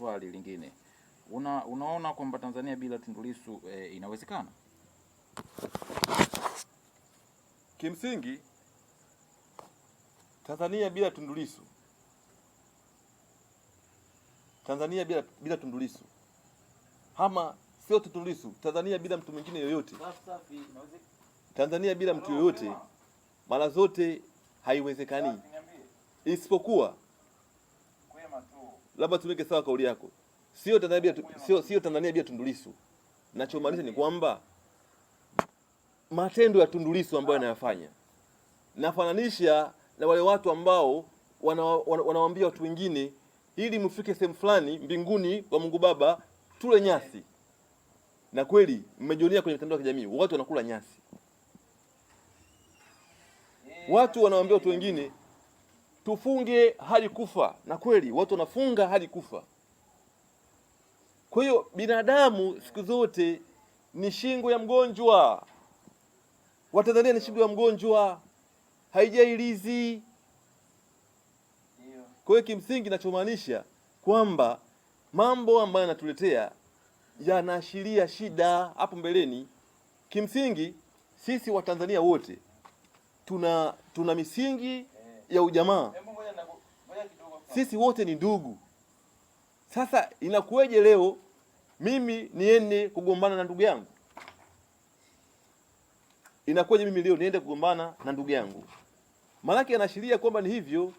swali lingine, una unaona kwamba Tanzania bila Tundu Lissu e, inawezekana? Kimsingi Tanzania bila Tundu Lissu, Tanzania bila bila Tundu Lissu ama sio Tundu Lissu, Tanzania bila mtu mwingine yoyote, Tanzania bila mtu yoyote mara zote haiwezekani, isipokuwa labda tuweke sawa kauli yako, sio Tanzania bila sio sio Tanzania bila Tundu Lissu. Nachomaanisha ni kwamba matendo ya Tundu Lissu ambayo anayafanya nafananisha na wale watu ambao wanawaambia wana, wana watu wengine ili mfike sehemu fulani mbinguni kwa Mungu Baba tule nyasi, na kweli mmejionea kwenye mitandao ya kijamii watu wanakula nyasi, watu wanawaambia watu wengine tufunge hadi kufa, na kweli watu wanafunga hadi kufa. Kwa hiyo binadamu siku zote ni shingo ya mgonjwa. Watanzania ni shingo ya mgonjwa, haijailizi. Kwa hiyo kimsingi, nachomaanisha kwamba mambo ambayo yanatuletea yanaashiria shida hapo mbeleni. Kimsingi sisi Watanzania wote tuna, tuna misingi ya ujamaa, eh, sisi wote ni ndugu. Sasa inakuweje leo mimi niende kugombana na ndugu yangu? Inakuweje mimi leo niende kugombana na ndugu yangu? Maanake anaashiria kwamba ni hivyo,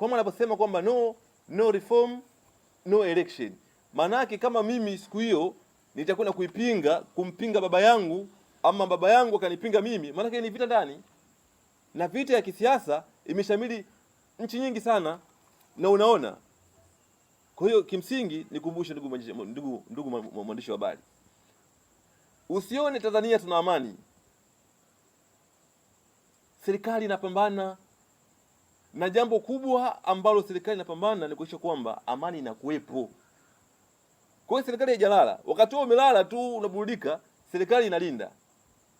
kama anaposema kwamba no no reform no election. Maanake kama mimi siku hiyo nitakwenda kuipinga kumpinga baba yangu ama baba yangu akanipinga mimi, maanake ni vita ndani, na vita ya kisiasa imeshamili nchi nyingi sana, na unaona. Kwa hiyo kimsingi nikumbushe ndugu, ndugu, ndugu mwandishi wa habari, usione Tanzania tuna amani. Serikali inapambana na jambo kubwa ambalo serikali inapambana ni kuhakikisha kwamba amani inakuwepo. Kwa hiyo serikali haijalala, wakati wewe umelala tu unaburudika, serikali inalinda.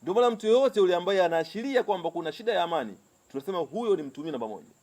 Ndio maana mtu yoyote yule ambaye anaashiria kwamba kuna shida ya amani tunasema huyo ni mtumio namba moja.